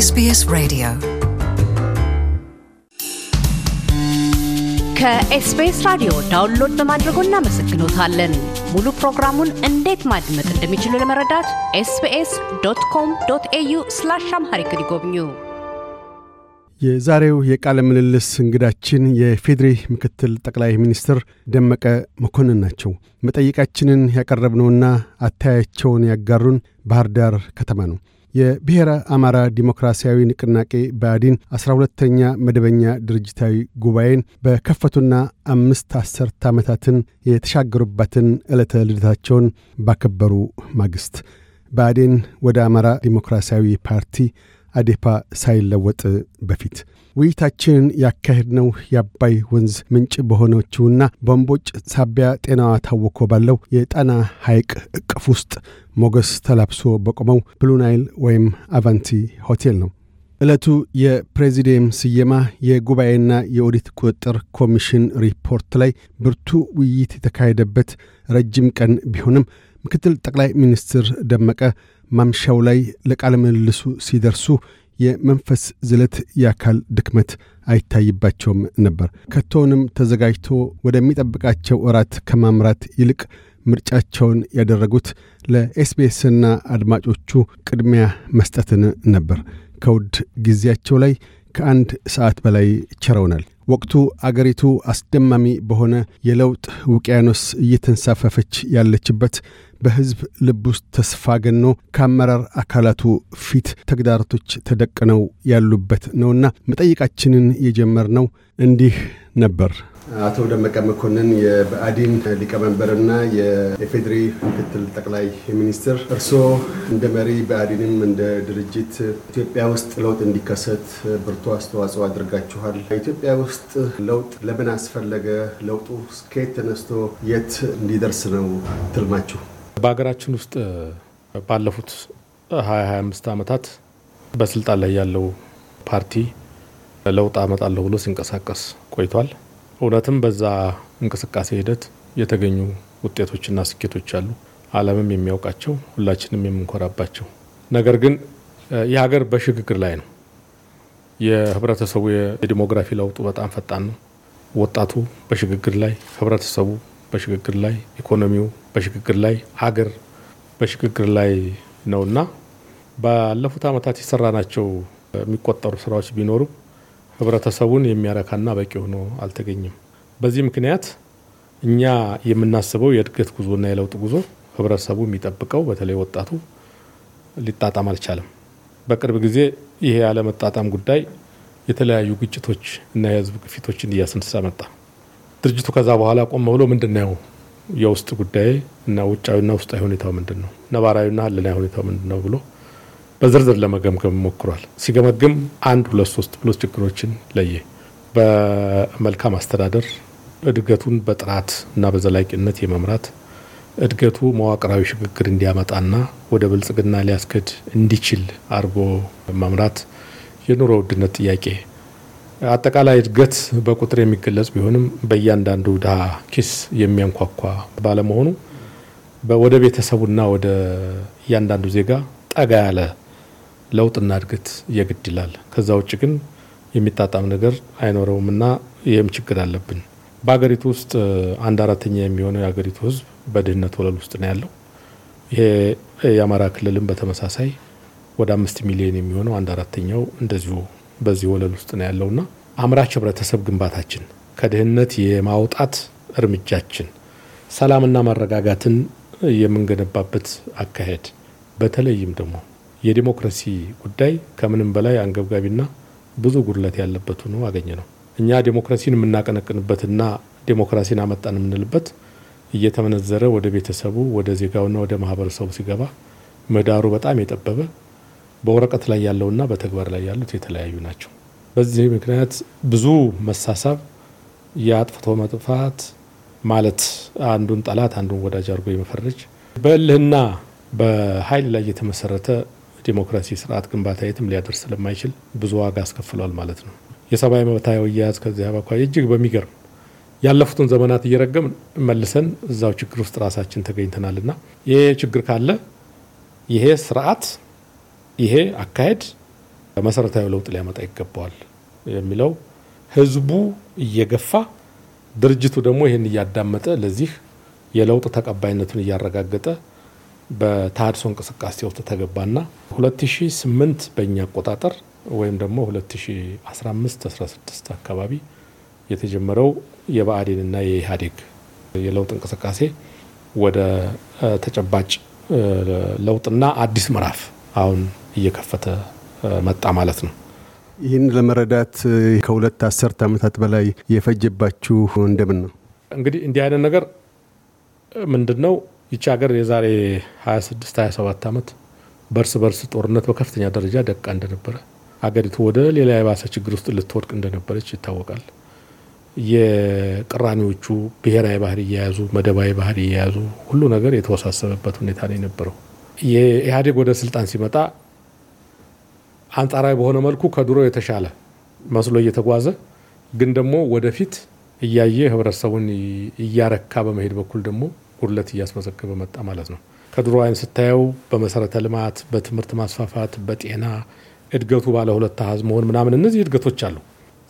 ኤስቢኤስ ሬዲዮ ከኤስቢኤስ ራዲዮ ዳውንሎድ በማድረጎ እናመሰግኖታለን። ሙሉ ፕሮግራሙን እንዴት ማድመጥ እንደሚችሉ ለመረዳት ኤስቢኤስ ዶት ኮም ዶት ኤዩ ስላሽ አምሃሪክ ይጎብኙ። የዛሬው የቃለ ምልልስ እንግዳችን የፌዴሪ ምክትል ጠቅላይ ሚኒስትር ደመቀ መኮንን ናቸው። መጠይቃችንን ያቀረብነውና አታያቸውን ያጋሩን ባህር ዳር ከተማ ነው። የብሔረ አማራ ዲሞክራሲያዊ ንቅናቄ ብአዴን አስራ ሁለተኛ መደበኛ ድርጅታዊ ጉባኤን በከፈቱና አምስት አሠርተ ዓመታትን የተሻገሩባትን ዕለተ ልደታቸውን ባከበሩ ማግስት ብአዴን ወደ አማራ ዲሞክራሲያዊ ፓርቲ አዴፓ ሳይለወጥ በፊት ውይይታችንን ያካሄድነው የአባይ ወንዝ ምንጭ በሆነችውና በንቦጭ ሳቢያ ጤናዋ ታወኮ ባለው የጣና ሐይቅ እቅፍ ውስጥ ሞገስ ተላብሶ በቆመው ብሉናይል ወይም አቫንቲ ሆቴል ነው። ዕለቱ የፕሬዚዲየም ስየማ የጉባኤና የኦዲት ቁጥጥር ኮሚሽን ሪፖርት ላይ ብርቱ ውይይት የተካሄደበት ረጅም ቀን ቢሆንም ምክትል ጠቅላይ ሚኒስትር ደመቀ ማምሻው ላይ ለቃለ ምልልሱ ሲደርሱ የመንፈስ ዝለት፣ የአካል ድክመት አይታይባቸውም ነበር። ከቶውንም ተዘጋጅቶ ወደሚጠብቃቸው ወራት ከማምራት ይልቅ ምርጫቸውን ያደረጉት ለኤስቢኤስና አድማጮቹ ቅድሚያ መስጠትን ነበር። ከውድ ጊዜያቸው ላይ ከአንድ ሰዓት በላይ ቸረውናል። ወቅቱ አገሪቱ አስደማሚ በሆነ የለውጥ ውቅያኖስ እየተንሳፈፈች ያለችበት በሕዝብ ልብ ውስጥ ተስፋ ገኖ ከአመራር አካላቱ ፊት ተግዳሮቶች ተደቅነው ያሉበት ነውና መጠይቃችንን የጀመርነው እንዲህ ነበር። አቶ ደመቀ መኮንን የብአዴን ሊቀመንበርና የኢፌዴሪ ምክትል ጠቅላይ ሚኒስትር፣ እርስዎ እንደ መሪ ብአዴንም እንደ ድርጅት ኢትዮጵያ ውስጥ ለውጥ እንዲከሰት ብርቱ አስተዋጽኦ አድርጋችኋል። ኢትዮጵያ ውስጥ ለውጥ ለምን አስፈለገ? ለውጡ ከየት ተነስቶ የት እንዲደርስ ነው ትልማችሁ? በሀገራችን ውስጥ ባለፉት 2025 ዓመታት በስልጣን ላይ ያለው ፓርቲ ለውጥ አመጣለሁ ብሎ ሲንቀሳቀስ ቆይቷል። እውነትም በዛ እንቅስቃሴ ሂደት የተገኙ ውጤቶችና ስኬቶች አሉ። ዓለምም የሚያውቃቸው ሁላችንም የምንኮራባቸው። ነገር ግን የሀገር በሽግግር ላይ ነው። የህብረተሰቡ የዲሞግራፊ ለውጡ በጣም ፈጣን ነው። ወጣቱ በሽግግር ላይ፣ ህብረተሰቡ በሽግግር ላይ ኢኮኖሚው በሽግግር ላይ ሀገር በሽግግር ላይ ነውና ባለፉት ዓመታት ናቸው የሚቆጠሩ ስራዎች ቢኖሩም ህብረተሰቡን የሚያረካና በቂ ሆኖ አልተገኘም። በዚህ ምክንያት እኛ የምናስበው የእድገት ጉዞና የለውጥ ጉዞ ህብረተሰቡ የሚጠብቀው በተለይ ወጣቱ ሊጣጣም አልቻለም። በቅርብ ጊዜ ይሄ ያለመጣጣም ጉዳይ የተለያዩ ግጭቶች እና የህዝብ ግፊቶችን እያስነሳ መጣ። ድርጅቱ ከዛ በኋላ ቆም ብሎ ምንድን ነው የውስጥ ጉዳይ እና ውጫዊና ውስጣዊ ሁኔታው ምንድን ነው፣ ነባራዊና ህልናዊ ሁኔታው ምንድን ነው ብሎ በዝርዝር ለመገምገም ሞክሯል። ሲገመግም አንድ ሁለት ሶስት ብሎ ችግሮችን ለየ። በመልካም አስተዳደር እድገቱን በጥራት እና በዘላቂነት የመምራት እድገቱ መዋቅራዊ ሽግግር እንዲያመጣና ወደ ብልጽግና ሊያስገድ እንዲችል አድርጎ መምራት፣ የኑሮ ውድነት ጥያቄ አጠቃላይ እድገት በቁጥር የሚገለጽ ቢሆንም በእያንዳንዱ ድሃ ኪስ የሚያንኳኳ ባለመሆኑ ወደ ቤተሰቡና ወደ እያንዳንዱ ዜጋ ጠጋ ያለ ለውጥና እድገት የግድ ይላል። ከዛ ውጭ ግን የሚጣጣም ነገር አይኖረውምና ይህም ችግር አለብን። በሀገሪቱ ውስጥ አንድ አራተኛ የሚሆነው የሀገሪቱ ህዝብ በድህነት ወለል ውስጥ ነው ያለው። ይሄ የአማራ ክልልም በተመሳሳይ ወደ አምስት ሚሊዮን የሚሆነው አንድ አራተኛው እንደዚሁ በዚህ ወለል ውስጥ ነው ያለውና አምራች ህብረተሰብ ግንባታችን ከድህነት የማውጣት እርምጃችን ሰላምና መረጋጋትን የምንገነባበት አካሄድ በተለይም ደግሞ የዲሞክራሲ ጉዳይ ከምንም በላይ አንገብጋቢና ብዙ ጉድለት ያለበት ሆኖ አገኘ ነው። እኛ ዲሞክራሲን የምናቀነቅንበትና ዲሞክራሲን አመጣን የምንልበት እየተመነዘረ ወደ ቤተሰቡ፣ ወደ ዜጋውና ወደ ማህበረሰቡ ሲገባ ምህዳሩ በጣም የጠበበ በወረቀት ላይ ያለውና በተግባር ላይ ያሉት የተለያዩ ናቸው። በዚህ ምክንያት ብዙ መሳሳብ፣ የአጥፍቶ መጥፋት ማለት አንዱን ጠላት አንዱን ወዳጅ አድርጎ የመፈረጅ በእልህና በኃይል ላይ የተመሰረተ ዲሞክራሲ ስርዓት ግንባታ የትም ሊያደርስ ስለማይችል ብዙ ዋጋ አስከፍሏል ማለት ነው። የሰብአዊ መብት አያያዝ ከዚያ በኳ እጅግ በሚገርም ያለፉትን ዘመናት እየረገምን መልሰን እዛው ችግር ውስጥ ራሳችን ተገኝተናልና ይሄ ችግር ካለ ይሄ ስርዓት ይሄ አካሄድ መሰረታዊ ለውጥ ሊያመጣ ይገባዋል የሚለው ህዝቡ እየገፋ ድርጅቱ ደግሞ ይህን እያዳመጠ ለዚህ የለውጥ ተቀባይነቱን እያረጋገጠ በተሃድሶ እንቅስቃሴ ውስጥ ተገባና 2008 በእኛ አቆጣጠር ወይም ደግሞ 2015 16 አካባቢ የተጀመረው የብአዴንና የኢህአዴግ የለውጥ እንቅስቃሴ ወደ ተጨባጭ ለውጥና አዲስ ምዕራፍ አሁን እየከፈተ መጣ ማለት ነው። ይህን ለመረዳት ከሁለት አስርት ዓመታት በላይ የፈጀባችሁ እንደምን ነው? እንግዲህ እንዲህ አይነት ነገር ምንድን ነው ይቺ ሀገር የዛሬ 26 27 ዓመት በእርስ በርስ ጦርነት በከፍተኛ ደረጃ ደቃ እንደነበረ አገሪቱ ወደ ሌላ የባሰ ችግር ውስጥ ልትወድቅ እንደነበረች ይታወቃል። የቅራኔዎቹ ብሔራዊ ባህር እየያዙ መደባዊ ባህር እየያዙ ሁሉ ነገር የተወሳሰበበት ሁኔታ ነው የነበረው። የኢህአዴግ ወደ ስልጣን ሲመጣ አንጻራዊ በሆነ መልኩ ከድሮ የተሻለ መስሎ እየተጓዘ ግን ደግሞ ወደፊት እያየ ህብረተሰቡን እያረካ በመሄድ በኩል ደግሞ ጉድለት እያስመዘገበ መጣ ማለት ነው። ከድሮ አይን ስታየው በመሰረተ ልማት፣ በትምህርት ማስፋፋት፣ በጤና እድገቱ ባለ ሁለት አሃዝ መሆን ምናምን እነዚህ እድገቶች አሉ።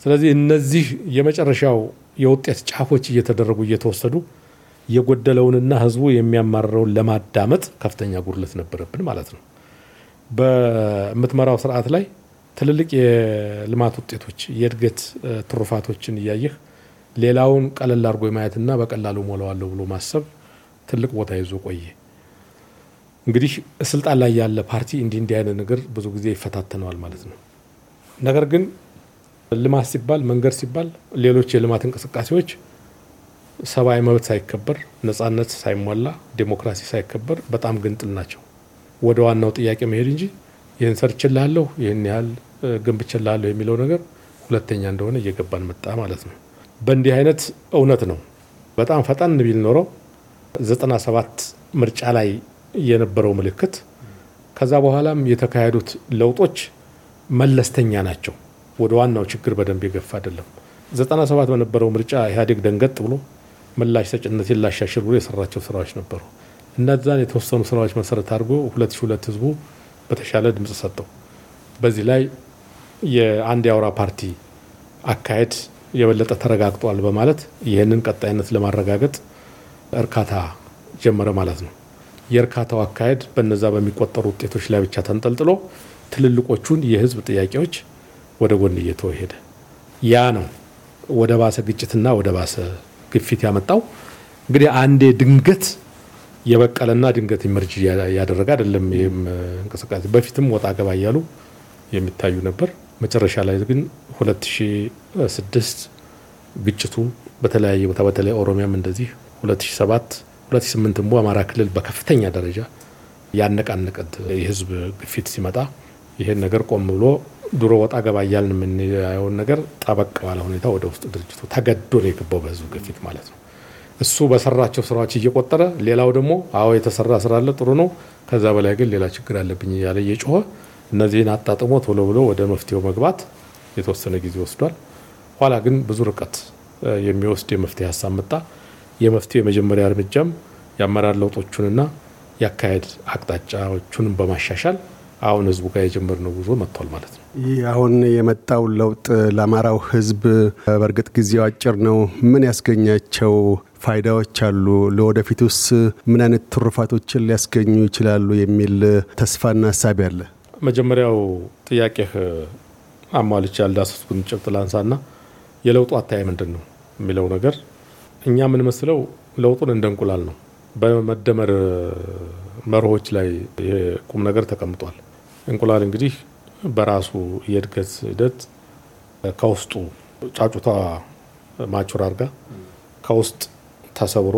ስለዚህ እነዚህ የመጨረሻው የውጤት ጫፎች እየተደረጉ እየተወሰዱ የጎደለውንና ህዝቡ የሚያማርረውን ለማዳመጥ ከፍተኛ ጉድለት ነበረብን ማለት ነው። በምትመራው ስርዓት ላይ ትልልቅ የልማት ውጤቶች የእድገት ትሩፋቶችን እያየህ ሌላውን ቀለል አድርጎ የማየትና በቀላሉ ሞላዋለሁ ብሎ ማሰብ ትልቅ ቦታ ይዞ ቆየ። እንግዲህ ስልጣን ላይ ያለ ፓርቲ እንዲህ እንዲህ አይነት ነገር ብዙ ጊዜ ይፈታተነዋል ማለት ነው። ነገር ግን ልማት ሲባል መንገድ ሲባል ሌሎች የልማት እንቅስቃሴዎች ሰብአዊ መብት ሳይከበር፣ ነጻነት ሳይሟላ፣ ዴሞክራሲ ሳይከበር በጣም ግንጥል ናቸው። ወደ ዋናው ጥያቄ መሄድ እንጂ ይህን ሰርችላለሁ ይህን ያህል ገንብችላለሁ የሚለው ነገር ሁለተኛ እንደሆነ እየገባን መጣ ማለት ነው። በእንዲህ አይነት እውነት ነው በጣም ፈጣን ቢል ኖረው 97 ምርጫ ላይ የነበረው ምልክት ከዛ በኋላም የተካሄዱት ለውጦች መለስተኛ ናቸው። ወደ ዋናው ችግር በደንብ የገፋ አይደለም። 97 በነበረው ምርጫ ኢህአዴግ ደንገጥ ብሎ ምላሽ ሰጭነት ላሻሽል ብሎ የሰራቸው ስራዎች ነበሩ። እነዛን የተወሰኑ ስራዎች መሰረት አድርጎ ሁለት ሺ ሁለት ህዝቡ በተሻለ ድምጽ ሰጠው። በዚህ ላይ የአንድ የአውራ ፓርቲ አካሄድ የበለጠ ተረጋግጧል በማለት ይህንን ቀጣይነት ለማረጋገጥ እርካታ ጀመረ ማለት ነው። የእርካታው አካሄድ በነዛ በሚቆጠሩ ውጤቶች ላይ ብቻ ተንጠልጥሎ ትልልቆቹን የህዝብ ጥያቄዎች ወደ ጎን እየተወ ሄደ። ያ ነው ወደ ባሰ ግጭትና ወደ ባሰ ግፊት ያመጣው። እንግዲህ አንዴ ድንገት የበቀለና ድንገት ኢመርጅ ያደረገ አይደለም። ይህም እንቅስቃሴ በፊትም ወጣ ገባ እያሉ የሚታዩ ነበር። መጨረሻ ላይ ግን 2006 ግጭቱ በተለያየ ቦታ በተለይ ኦሮሚያም እንደዚህ 2007 2008 ሞ አማራ ክልል በከፍተኛ ደረጃ ያነቃነቀት የህዝብ ግፊት ሲመጣ ይሄን ነገር ቆም ብሎ ድሮ ወጣ ገባ እያልን የምንያየውን ነገር ጠበቅ ባለ ሁኔታ ወደ ውስጥ ድርጅቱ ተገዶ ነው የገባው በህዝብ ግፊት ማለት ነው። እሱ በሰራቸው ስራዎች እየቆጠረ ሌላው ደግሞ አዎ የተሰራ ስራ አለ ጥሩ ነው፣ ከዛ በላይ ግን ሌላ ችግር አለብኝ እያለ እየጮኸ እነዚህን አጣጥሞ ቶሎ ብሎ ወደ መፍትሄው መግባት የተወሰነ ጊዜ ወስዷል። ኋላ ግን ብዙ ርቀት የሚወስድ የመፍትሄ ሀሳብ መጣ። የመፍትሄ የመጀመሪያ እርምጃም የአመራር ለውጦቹንና የአካሄድ አቅጣጫዎቹንም በማሻሻል አሁን ህዝቡ ጋር የጀመርነው ጉዞ መጥቷል ማለት ነው። ይህ አሁን የመጣው ለውጥ ለአማራው ህዝብ በእርግጥ ጊዜው አጭር ነው። ምን ያስገኛቸው ፋይዳዎች አሉ? ለወደፊቱስ ምን አይነት ትሩፋቶችን ሊያስገኙ ይችላሉ የሚል ተስፋና ሀሳቢ አለ? መጀመሪያው ጥያቄህ አሟልቼ ያልዳሰስኩን ጭብጥ ላንሳና የለውጡ አታይ ምንድን ነው የሚለው ነገር እኛ የምንመስለው ለውጡን እንደ እንቁላል ነው። በመደመር መርሆች ላይ ቁም ነገር ተቀምጧል። እንቁላል እንግዲህ በራሱ የእድገት ሂደት ከውስጡ ጫጩቷ ማቹር አድርጋ ከውስጥ ተሰብሮ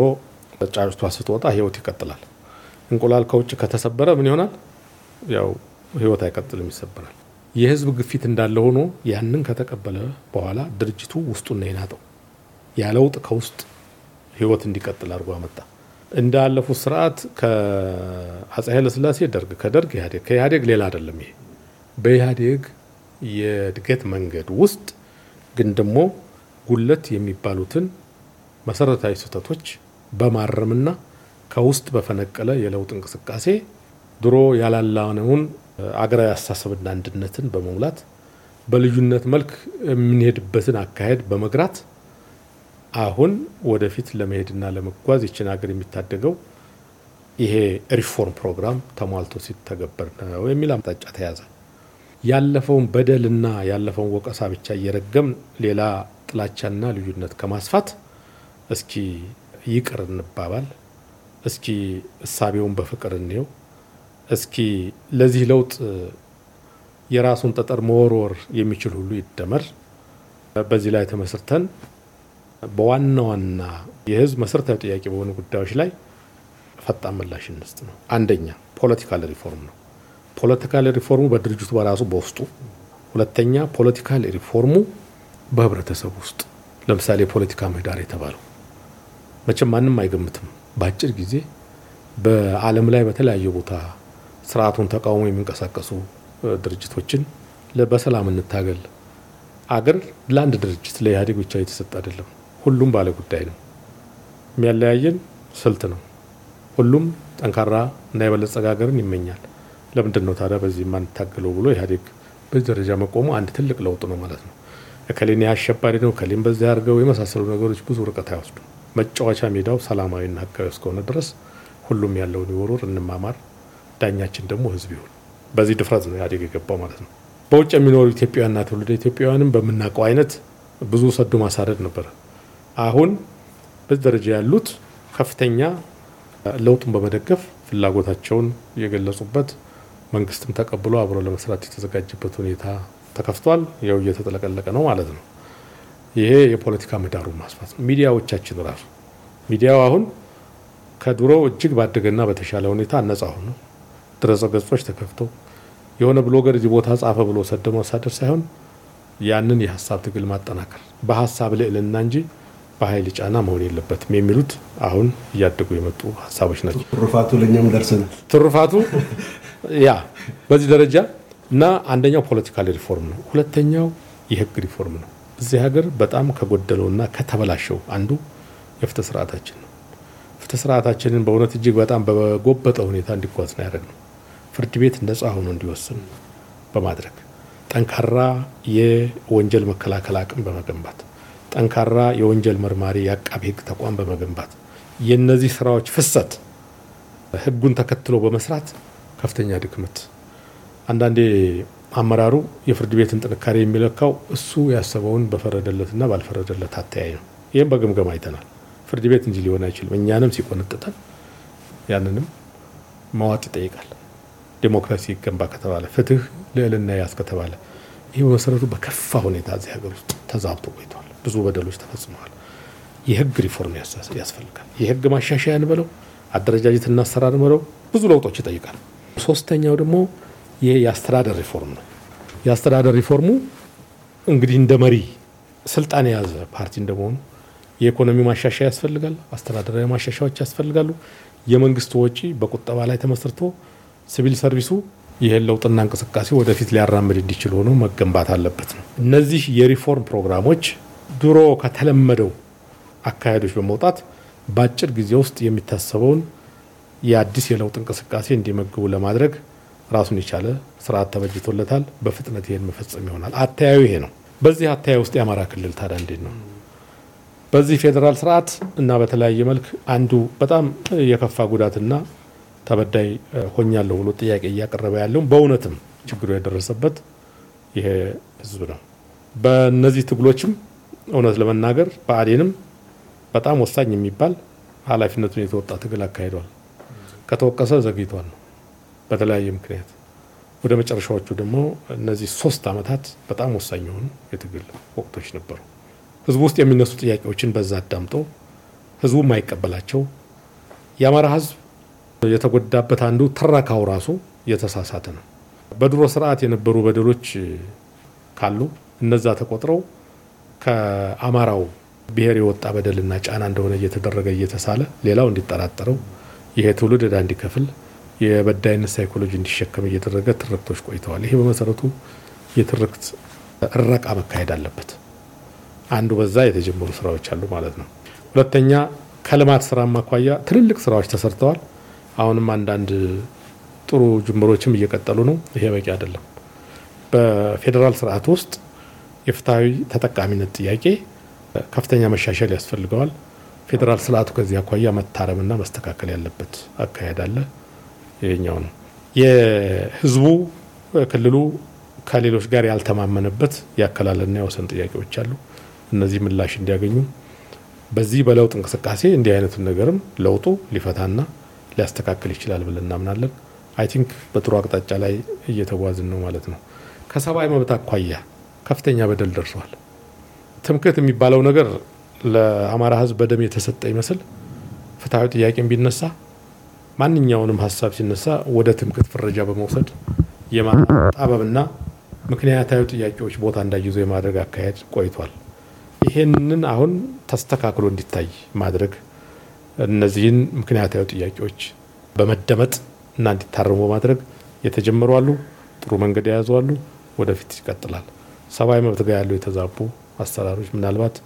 ጫጭቷ ስትወጣ ህይወት ይቀጥላል። እንቁላል ከውጭ ከተሰበረ ምን ይሆናል? ያው ህይወት አይቀጥልም፣ ይሰበራል። የህዝብ ግፊት እንዳለ ሆኖ ያንን ከተቀበለ በኋላ ድርጅቱ ውስጡን ነው የናጠው። ያለውጥ ከውስጥ ህይወት እንዲቀጥል አድርጎ አመጣ። እንዳለፉት ስርዓት ከአጼ ኃይለስላሴ ደርግ፣ ከደርግ ኢህአዴግ፣ ከኢህአዴግ ሌላ አይደለም። ይሄ በኢህአዴግ የእድገት መንገድ ውስጥ ግን ደግሞ ጉለት የሚባሉትን መሰረታዊ ስህተቶች በማረምና ከውስጥ በፈነቀለ የለውጥ እንቅስቃሴ ድሮ ያላላነውን አገራዊ አስተሳሰብና አንድነትን በመሙላት በልዩነት መልክ የምንሄድበትን አካሄድ በመግራት አሁን ወደፊት ለመሄድና ለመጓዝ ይችን ሀገር የሚታደገው ይሄ ሪፎርም ፕሮግራም ተሟልቶ ሲተገበር ነው የሚል አምጣጫ ተያዘ። ያለፈውን በደልና ያለፈውን ወቀሳ ብቻ እየረገም ሌላ ጥላቻና ልዩነት ከማስፋት እስኪ ይቅር እንባባል፣ እስኪ እሳቤውን በፍቅር እንየው፣ እስኪ ለዚህ ለውጥ የራሱን ጠጠር መወርወር የሚችል ሁሉ ይደመር። በዚህ ላይ ተመስርተን በዋና ዋና የህዝብ መሰረታዊ ጥያቄ በሆኑ ጉዳዮች ላይ ፈጣን ምላሽ እንስጥ ነው። አንደኛ ፖለቲካል ሪፎርም ነው። ፖለቲካል ሪፎርሙ በድርጅቱ በራሱ በውስጡ ሁለተኛ ፖለቲካል ሪፎርሙ በህብረተሰብ ውስጥ ለምሳሌ የፖለቲካ ምህዳር የተባለው መቼም ማንም አይገምትም። በአጭር ጊዜ በዓለም ላይ በተለያየ ቦታ ስርዓቱን ተቃውሞ የሚንቀሳቀሱ ድርጅቶችን በሰላም እንታገል። አገር ለአንድ ድርጅት ለኢህአዴግ ብቻ የተሰጠ አይደለም። ሁሉም ባለ ጉዳይ ነው። የሚያለያየን ስልት ነው። ሁሉም ጠንካራ እና የበለጸገ ሀገርን ይመኛል። ለምንድን ነው ታዲያ በዚህ የማንታገለው ብሎ ኢህአዴግ በዚህ ደረጃ መቆሙ አንድ ትልቅ ለውጥ ነው ማለት ነው። እከሌን አሸባሪ ነው፣ እከሌን በዚህ አድርገው የመሳሰሉ ነገሮች ብዙ ርቀት አይወስዱም። መጫወቻ ሜዳው ሰላማዊና ህጋዊ እስከሆነ ድረስ ሁሉም ያለውን ይወሩር፣ እንማማር፣ ዳኛችን ደግሞ ህዝብ ይሁን። በዚህ ድፍረት ነው ኢህአዴግ የገባው ማለት ነው። በውጭ የሚኖሩ ኢትዮጵያውያንና ትውልደ ኢትዮጵያውያንም በምናውቀው አይነት ብዙ ሰዱ ማሳደድ ነበረ። አሁን በዚህ ደረጃ ያሉት ከፍተኛ ለውጡን በመደገፍ ፍላጎታቸውን የገለጹበት መንግስትም ተቀብሎ አብሮ ለመስራት የተዘጋጀበት ሁኔታ ተከፍቷል። ያው እየተጠለቀለቀ ነው ማለት ነው። ይሄ የፖለቲካ ምህዳሩን ማስፋት ነው። ሚዲያዎቻችን ራሱ ሚዲያው አሁን ከድሮ እጅግ ባደገና በተሻለ ሁኔታ ነጻ ሆኖ ድረገጾች ገጾች ተከፍቶ የሆነ ብሎገር እዚህ ቦታ ጻፈ ብሎ ሰደ መሳደር ሳይሆን ያንን የሀሳብ ትግል ማጠናከር በሀሳብ ልዕልና እንጂ በኃይል ጫና መሆን የለበትም የሚሉት አሁን እያደጉ የመጡ ሀሳቦች ናቸው። ትሩፋቱ ለእኛም ደርሰናል። ትሩፋቱ ያ በዚህ ደረጃ እና አንደኛው ፖለቲካል ሪፎርም ነው። ሁለተኛው የህግ ሪፎርም ነው። እዚህ ሀገር በጣም ከጎደለውና ከተበላሸው አንዱ የፍትህ ስርዓታችን ነው። ፍትህ ስርዓታችንን በእውነት እጅግ በጣም በጎበጠ ሁኔታ እንዲጓዝ ነው ያደረግነው። ፍርድ ቤት ነጻ ሆኖ እንዲወስን በማድረግ ጠንካራ የወንጀል መከላከል አቅም በመገንባት ጠንካራ የወንጀል መርማሪ የአቃቤ ህግ ተቋም በመገንባት የእነዚህ ስራዎች ፍሰት ህጉን ተከትሎ በመስራት ከፍተኛ ድክመት አንዳንዴ አመራሩ የፍርድ ቤትን ጥንካሬ የሚለካው እሱ ያሰበውን በፈረደለትና ባልፈረደለት አተያይ ነው። ይህም በግምገማ አይተናል። ፍርድ ቤት እንጂ ሊሆን አይችልም። እኛንም ሲቆነጥጠን ያንንም መዋጥ ይጠይቃል። ዴሞክራሲ ይገንባ ከተባለ፣ ፍትህ ልዕልና ያዝ ከተባለ ይህ በመሰረቱ በከፋ ሁኔታ እዚህ ሀገር ውስጥ ተዛብቶ ቆይተዋል ብዙ በደሎች ተፈጽመዋል። የህግ ሪፎርም ያስፈልጋል። የህግ ማሻሻያ እንበለው፣ አደረጃጀትና አሰራር እንበለው ብዙ ለውጦች ይጠይቃል። ሶስተኛው ደግሞ ይሄ የአስተዳደር ሪፎርም ነው። የአስተዳደር ሪፎርሙ እንግዲህ እንደ መሪ ስልጣን የያዘ ፓርቲ እንደመሆኑ የኢኮኖሚ ማሻሻያ ያስፈልጋል፣ አስተዳደራዊ ማሻሻያዎች ያስፈልጋሉ። የመንግስቱ ወጪ በቁጠባ ላይ ተመስርቶ ሲቪል ሰርቪሱ ይህን ለውጥና እንቅስቃሴ ወደፊት ሊያራምድ እንዲችል ሆኖ መገንባት አለበት ነው። እነዚህ የሪፎርም ፕሮግራሞች ድሮ ከተለመደው አካሄዶች በመውጣት በአጭር ጊዜ ውስጥ የሚታሰበውን የአዲስ የለውጥ እንቅስቃሴ እንዲመግቡ ለማድረግ ራሱን የቻለ ስርዓት ተበጅቶለታል። በፍጥነት ይሄን መፈጸም ይሆናል። አተያዩ ይሄ ነው። በዚህ አተያዩ ውስጥ የአማራ ክልል ታዲያ እንዴት ነው? በዚህ ፌዴራል ስርዓት እና በተለያየ መልክ አንዱ በጣም የከፋ ጉዳትና ተበዳይ ሆኛለሁ ብሎ ጥያቄ እያቀረበ ያለውም በእውነትም ችግሩ የደረሰበት ይሄ ህዝብ ነው። በእነዚህ ትግሎችም እውነት ለመናገር በአዴንም በጣም ወሳኝ የሚባል ኃላፊነቱን የተወጣ ትግል አካሂዷል። ከተወቀሰ ዘግይቷል ነው በተለያየ ምክንያት ወደ መጨረሻዎቹ ደግሞ እነዚህ ሶስት ዓመታት በጣም ወሳኝ የሆኑ የትግል ወቅቶች ነበሩ። ህዝቡ ውስጥ የሚነሱ ጥያቄዎችን በዛ አዳምጦ ህዝቡ የማይቀበላቸው የአማራ ህዝብ የተጎዳበት አንዱ ትረካው ራሱ የተሳሳተ ነው። በድሮ ስርዓት የነበሩ በደሎች ካሉ እነዛ ተቆጥረው ከአማራው ብሔር የወጣ በደልና ጫና እንደሆነ እየተደረገ እየተሳለ ሌላው እንዲጠራጠረው ይሄ ትውልድ ዕዳ እንዲከፍል የበዳይነት ሳይኮሎጂ እንዲሸከም እየደረገ ትርክቶች ቆይተዋል። ይሄ በመሰረቱ የትርክት እረቃ መካሄድ አለበት። አንዱ በዛ የተጀመሩ ስራዎች አሉ ማለት ነው። ሁለተኛ ከልማት ስራ ማኳያ ትልልቅ ስራዎች ተሰርተዋል። አሁንም አንዳንድ ጥሩ ጅምሮችም እየቀጠሉ ነው። ይሄ በቂ አይደለም። በፌዴራል ስርዓት ውስጥ የፍትሐዊ ተጠቃሚነት ጥያቄ ከፍተኛ መሻሻል ያስፈልገዋል። ፌዴራል ስርዓቱ ከዚህ አኳያ መታረምና መስተካከል ያለበት አካሄድ አለ። ይሄኛው ነው የህዝቡ ክልሉ ከሌሎች ጋር ያልተማመነበት ያከላለና የወሰን ጥያቄዎች አሉ። እነዚህ ምላሽ እንዲያገኙ በዚህ በለውጥ እንቅስቃሴ እንዲህ አይነቱን ነገርም ለውጡ ሊፈታና ሊያስተካክል ይችላል ብለን እናምናለን። አይ ቲንክ በጥሩ አቅጣጫ ላይ እየተጓዝን ነው ማለት ነው። ከሰብአዊ መብት አኳያ ከፍተኛ በደል ደርሷል። ትምክህት የሚባለው ነገር ለአማራ ህዝብ በደም የተሰጠ ይመስል ፍትሐዊ ጥያቄ ቢነሳ ማንኛውንም ሀሳብ ሲነሳ ወደ ትምክህት ፍረጃ በመውሰድ የማጣበብና ምክንያታዊ ጥያቄዎች ቦታ እንዳይዙ የማድረግ አካሄድ ቆይቷል። ይሄንን አሁን ተስተካክሎ እንዲታይ ማድረግ እነዚህን ምክንያታዊ ጥያቄዎች በመደመጥ እና እንዲታረሙ በማድረግ የተጀመሩ አሉ። ጥሩ መንገድ የያዙ አሉ። ወደፊት ይቀጥላል። ሰብአዊ መብት ጋር ያሉ የተዛቡ አሰራሮች ምናልባት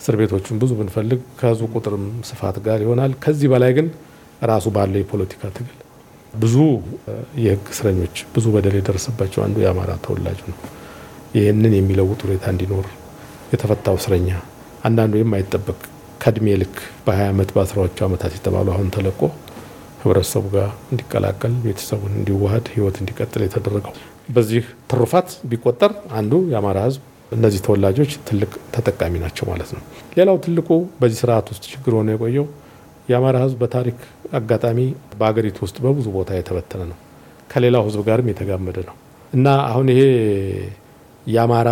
እስር ቤቶቹን ብዙ ብንፈልግ ከህዝቡ ቁጥርም ስፋት ጋር ይሆናል። ከዚህ በላይ ግን ራሱ ባለው የፖለቲካ ትግል ብዙ የህግ እስረኞች ብዙ በደል የደረሰባቸው አንዱ የአማራ ተወላጅ ነው። ይህንን የሚለውጥ ሁኔታ እንዲኖር የተፈታው እስረኛ አንዳንዱ የማይጠበቅ ከእድሜ ልክ በ20 ዓመት በአስራዎቹ ዓመታት የተባሉ አሁን ተለቆ ህብረተሰቡ ጋር እንዲቀላቀል ቤተሰቡን እንዲዋሃድ ህይወት እንዲቀጥል የተደረገው በዚህ ትሩፋት ቢቆጠር አንዱ የአማራ ህዝብ እነዚህ ተወላጆች ትልቅ ተጠቃሚ ናቸው ማለት ነው። ሌላው ትልቁ በዚህ ስርዓት ውስጥ ችግር ሆኖ የቆየው የአማራ ህዝብ በታሪክ አጋጣሚ በሀገሪቱ ውስጥ በብዙ ቦታ የተበተነ ነው። ከሌላው ህዝብ ጋርም የተጋመደ ነው እና አሁን ይሄ የአማራ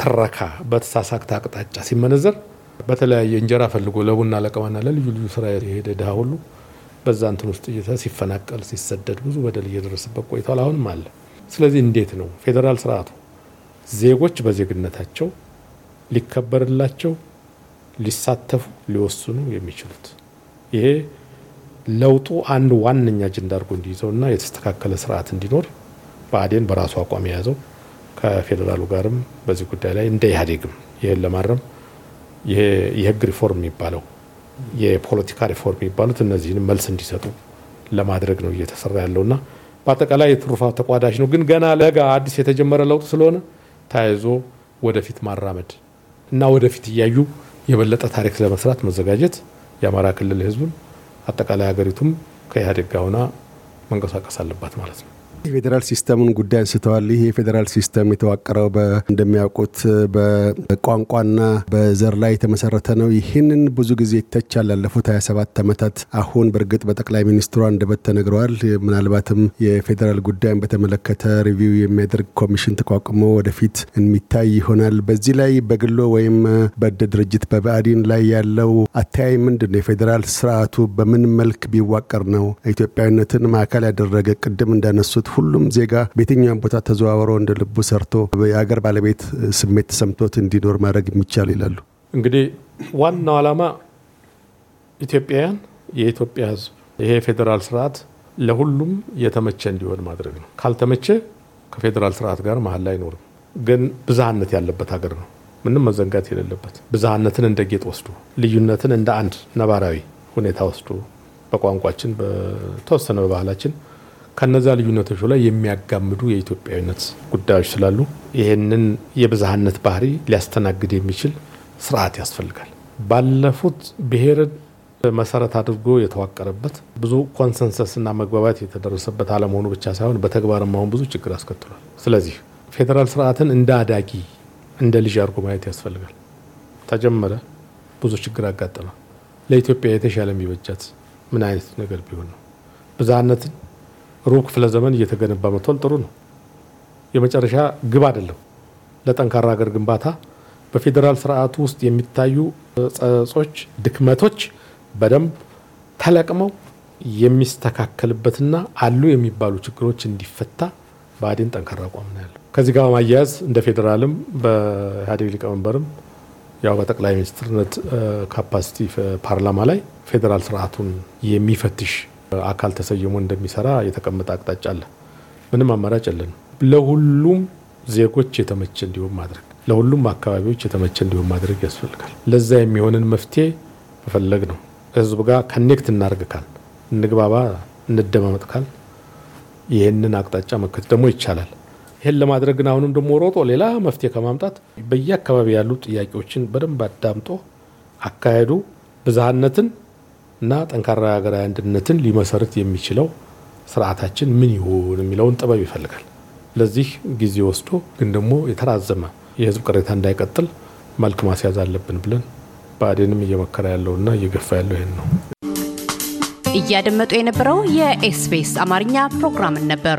ትረካ በተሳሳተ አቅጣጫ ሲመነዘር በተለያየ እንጀራ ፈልጎ ለቡና ለቀማና ለልዩ ልዩ ስራ የሄደ ድሀ ሁሉ በዛ እንትን ውስጥ እየተ ሲፈናቀል ሲሰደድ ብዙ በደል እየደረሰበት ቆይቷል። አሁንም አለ። ስለዚህ እንዴት ነው ፌዴራል ስርዓቱ ዜጎች በዜግነታቸው ሊከበርላቸው ሊሳተፉ ሊወስኑ የሚችሉት ይሄ ለውጡ አንድ ዋነኛ አጀንዳ አድርጎ እንዲይዘውና የተስተካከለ ስርዓት እንዲኖር ብአዴን በራሱ አቋም የያዘው ከፌዴራሉ ጋርም በዚህ ጉዳይ ላይ እንደ ኢህአዴግም ይህን ለማረም የህግ ሪፎርም የሚባለው የፖለቲካ ሪፎርም የሚባሉት እነዚህን መልስ እንዲሰጡ ለማድረግ ነው እየተሰራ ያለውና በአጠቃላይ የትሩፋ ተቋዳሽ ነው። ግን ገና ለጋ አዲስ የተጀመረ ለውጥ ስለሆነ ተያይዞ ወደፊት ማራመድ እና ወደፊት እያዩ የበለጠ ታሪክ ለመስራት መዘጋጀት የአማራ ክልል ህዝቡን አጠቃላይ ሀገሪቱም ከኢህአዴግ ጋር ሆና መንቀሳቀስ አለባት ማለት ነው። የፌዴራል ሲስተሙን ጉዳይ አንስተዋል። ይህ የፌዴራል ሲስተም የተዋቀረው እንደሚያውቁት በቋንቋና በዘር ላይ የተመሰረተ ነው። ይህንን ብዙ ጊዜ ይተቻል። ላለፉት 27 ዓመታት አሁን በእርግጥ በጠቅላይ ሚኒስትሩ አንደበት ተነግረዋል። ምናልባትም የፌዴራል ጉዳይን በተመለከተ ሪቪው የሚያደርግ ኮሚሽን ተቋቁሞ ወደፊት የሚታይ ይሆናል። በዚህ ላይ በግሎ ወይም በደ ድርጅት በብአዴን ላይ ያለው አተያይ ምንድን ነው? የፌዴራል ስርዓቱ በምን መልክ ቢዋቀር ነው ኢትዮጵያዊነትን ማዕከል ያደረገ ቅድም እንዳነሱት ሁሉም ዜጋ በየትኛውም ቦታ ተዘዋውሮ እንደ ልቡ ሰርቶ የሀገር ባለቤት ስሜት ተሰምቶት እንዲኖር ማድረግ የሚቻል ይላሉ። እንግዲህ ዋናው ዓላማ ኢትዮጵያውያን፣ የኢትዮጵያ ሕዝብ ይሄ የፌዴራል ስርዓት ለሁሉም የተመቸ እንዲሆን ማድረግ ነው። ካልተመቸ ከፌዴራል ስርዓት ጋር መሀል ላይ አይኖርም። ግን ብዝሃነት ያለበት ሀገር ነው። ምንም መዘንጋት የሌለበት ብዝሃነትን እንደ ጌጥ ወስዶ ልዩነትን እንደ አንድ ነባራዊ ሁኔታ ወስዶ በቋንቋችን በተወሰነ በባህላችን ከነዛ ልዩነቶች ላይ የሚያጋምዱ የኢትዮጵያዊነት ጉዳዮች ስላሉ ይህንን የብዝሃነት ባህሪ ሊያስተናግድ የሚችል ስርዓት ያስፈልጋል። ባለፉት ብሔርን መሰረት አድርጎ የተዋቀረበት ብዙ ኮንሰንሰስና መግባባት የተደረሰበት አለመሆኑ ብቻ ሳይሆን በተግባርም አሁን ብዙ ችግር አስከትሏል። ስለዚህ ፌዴራል ስርዓትን እንደ አዳጊ እንደ ልጅ አድርጎ ማየት ያስፈልጋል። ተጀመረ፣ ብዙ ችግር አጋጠመ። ለኢትዮጵያ የተሻለ የሚበጃት ምን አይነት ነገር ቢሆን ነው ብዝሃነትን ሩብ ክፍለ ዘመን እየተገነባ መጥቷል። ጥሩ ነው። የመጨረሻ ግብ አይደለም። ለጠንካራ ሀገር ግንባታ በፌዴራል ስርዓቱ ውስጥ የሚታዩ ጸጾች፣ ድክመቶች በደንብ ተለቅመው የሚስተካከልበትና አሉ የሚባሉ ችግሮች እንዲፈታ ብአዴን ጠንካራ አቋም ነው ያለው። ከዚህ ጋር ማያያዝ እንደ ፌዴራልም በኢህአዴግ ሊቀመንበርም ያው በጠቅላይ ሚኒስትርነት ካፓሲቲ ፓርላማ ላይ ፌዴራል ስርዓቱን የሚፈትሽ አካል ተሰይሞ እንደሚሰራ የተቀመጠ አቅጣጫ አለ። ምንም አማራጭ የለን ለሁሉም ዜጎች የተመቸ እንዲሆን ማድረግ፣ ለሁሉም አካባቢዎች የተመቸ እንዲሆን ማድረግ ያስፈልጋል። ለዛ የሚሆንን መፍትሄ መፈለግ ነው። ህዝብ ጋር ከኔክት እናደርግ ካል እንግባባ፣ እንደማመጥ ካል ይህንን አቅጣጫ መከት ደግሞ ይቻላል። ይህን ለማድረግ ግን አሁንም ደሞ ሮጦ ሌላ መፍትሄ ከማምጣት በየአካባቢ ያሉ ጥያቄዎችን በደንብ አዳምጦ አካሄዱ ብዝሃነትን እና ጠንካራ ሀገራዊ አንድነትን ሊመሰርት የሚችለው ስርዓታችን ምን ይሁን የሚለውን ጥበብ ይፈልጋል። ለዚህ ጊዜ ወስዶ ግን ደግሞ የተራዘመ የህዝብ ቅሬታ እንዳይቀጥል መልክ ማስያዝ አለብን ብለን ብአዴንም እየመከረ ያለውና እየገፋ ያለው ይህን ነው። እያደመጡ የነበረው የኤስቢኤስ አማርኛ ፕሮግራምን ነበር።